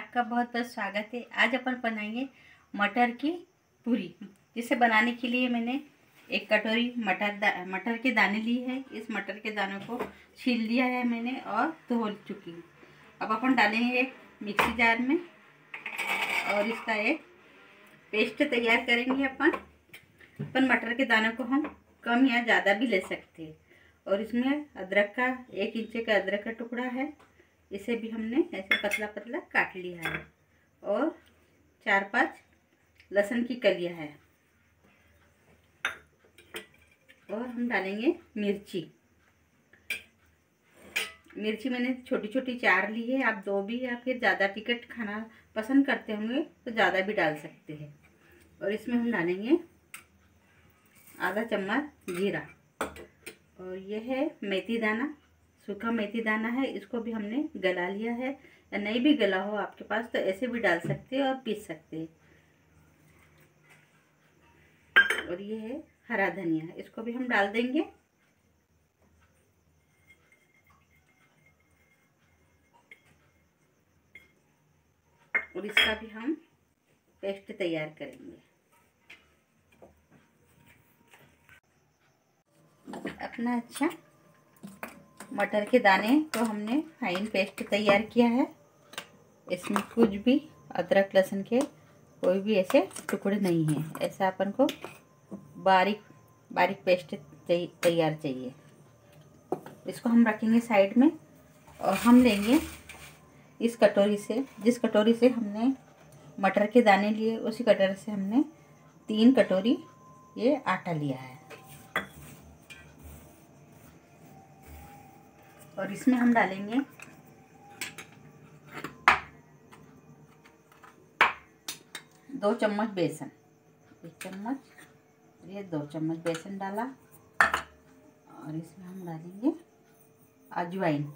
आपका बहुत बहुत स्वागत है आज अपन बनाएंगे मटर की पूरी जिसे बनाने के लिए मैंने एक कटोरी मटर मटर के दाने लिए है इस मटर के दानों को छील लिया है मैंने और धो चुकी अब अपन डालेंगे एक मिक्सी जार में और इसका एक पेस्ट तैयार करेंगे अपन अपन मटर के दानों को हम कम या ज़्यादा भी ले सकते हैं और इसमें अदरक का एक इंच का अदरक का टुकड़ा है इसे भी हमने ऐसे पतला पतला काट लिया है और चार पांच लहसुन की कलिया है और हम डालेंगे मिर्ची मिर्ची मैंने छोटी छोटी चार ली है आप दो भी या फिर ज़्यादा टिकट खाना पसंद करते होंगे तो ज़्यादा भी डाल सकते हैं और इसमें हम डालेंगे आधा चम्मच जीरा और यह है मेथी दाना सूखा मेथी दाना है इसको भी हमने गला लिया है या नहीं भी गला हो आपके पास तो ऐसे भी डाल सकते हैं और पीस सकते हैं और ये है हरा धनिया इसको भी हम डाल देंगे और इसका भी हम पेस्ट तैयार करेंगे अपना अच्छा मटर के दाने को तो हमने फाइन पेस्ट तैयार किया है इसमें कुछ भी अदरक लहसुन के कोई भी ऐसे टुकड़े नहीं है ऐसा अपन को बारीक बारीक पेस्ट तैयार चाहिए इसको हम रखेंगे साइड में और हम लेंगे इस कटोरी से जिस कटोरी से हमने मटर के दाने लिए उसी कटोरी से हमने तीन कटोरी ये आटा लिया है और इसमें हम डालेंगे दो चम्मच बेसन एक चम्मच ये दो चम्मच बेसन डाला और इसमें हम डालेंगे अजवाइन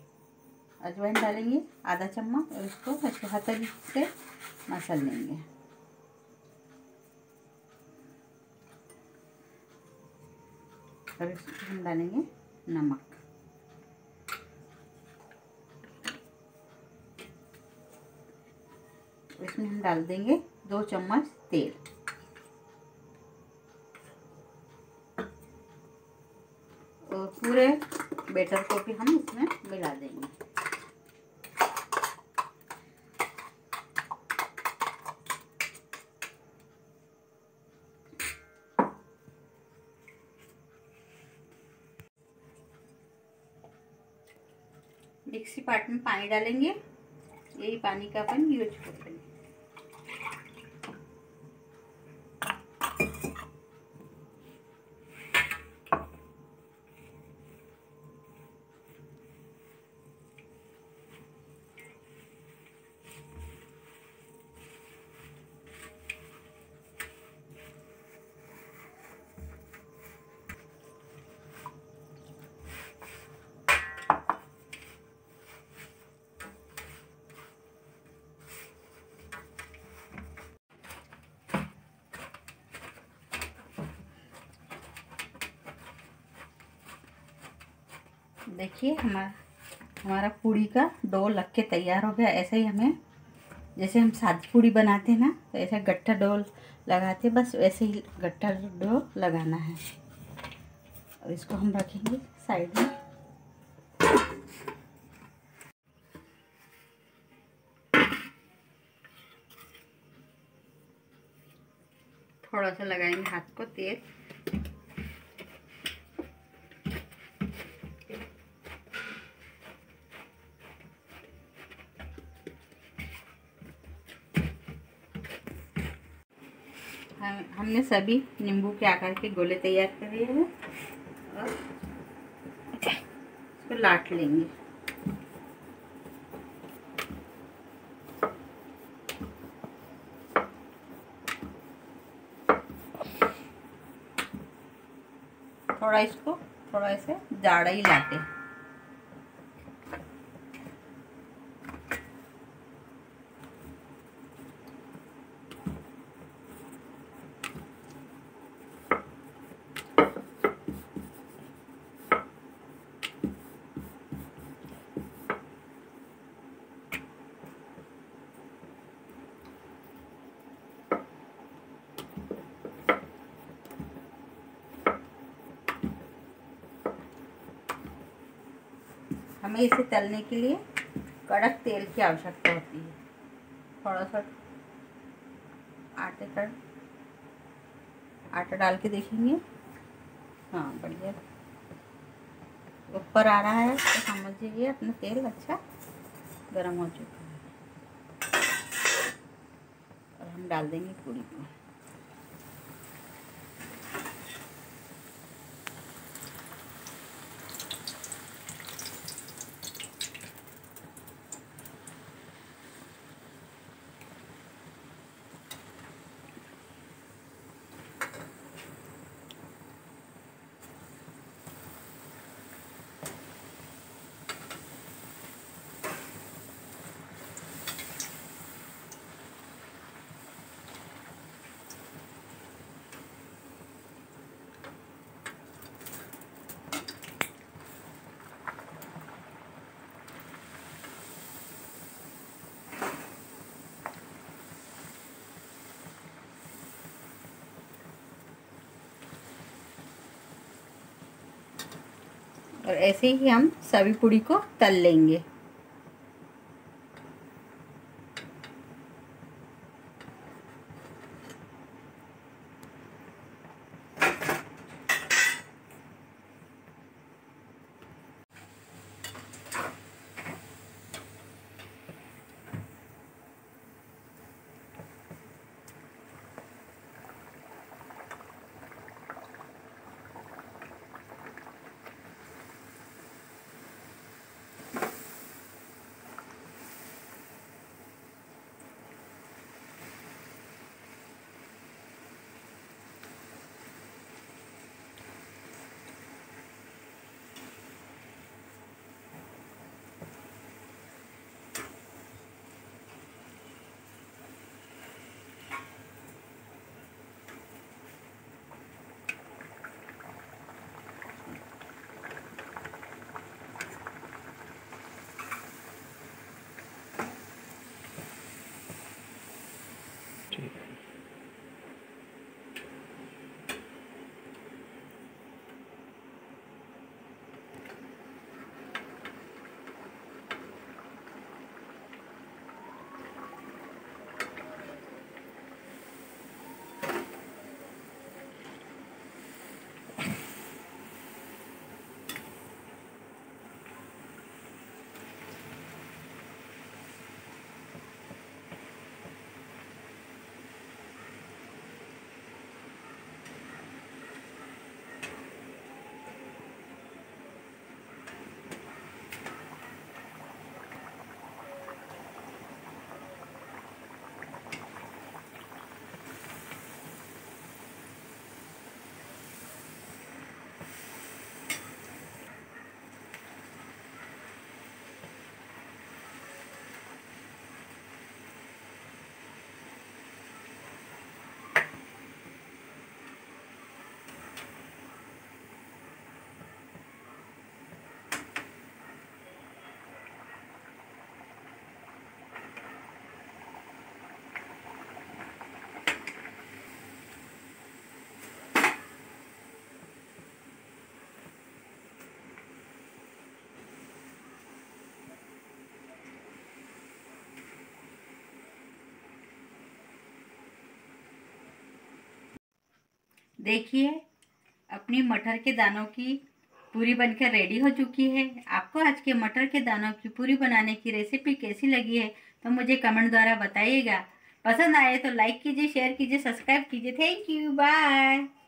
अजवाइन डालेंगे आधा चम्मच और इसको अच्छे हथेली से मसल लेंगे और इसमें हम डालेंगे नमक इसमें हम डाल देंगे दो चम्मच तेल और पूरे बेटर को भी हम इसमें मिला देंगे मिक्सी पार्ट में पानी डालेंगे यही पानी का अपन यूज करेंगे देखिए हमारा हमारा पूड़ी का डो लग के तैयार हो गया ऐसे ही हमें जैसे हम सादी पूड़ी बनाते हैं ना तो ऐसे गट्ठा डोल लगाते बस वैसे ही गट्ठा डो लगाना है और इसको हम रखेंगे साइड में थोड़ा सा लगाएंगे हाथ को तेल हमने सभी नींबू के आकार के गोले तैयार कर लिए हैं और इसको लाट लेंगे थोड़ा इसको थोड़ा ऐसे जाड़ा ही लाटे हमें इसे तलने के लिए कड़क तेल की आवश्यकता होती है थोड़ा सा आटे का आटा डाल के देखेंगे हाँ बढ़िया ऊपर आ रहा है तो समझ लीजिए अपना तेल अच्छा गर्म हो चुका है और हम डाल देंगे पूरी को और ऐसे ही हम सभी पूड़ी को तल लेंगे देखिए अपनी मटर के दानों की पूरी बनकर रेडी हो चुकी है आपको आज के मटर के दानों की पूरी बनाने की रेसिपी कैसी लगी है तो मुझे कमेंट द्वारा बताइएगा पसंद आए तो लाइक कीजिए शेयर कीजिए सब्सक्राइब कीजिए थैंक यू बाय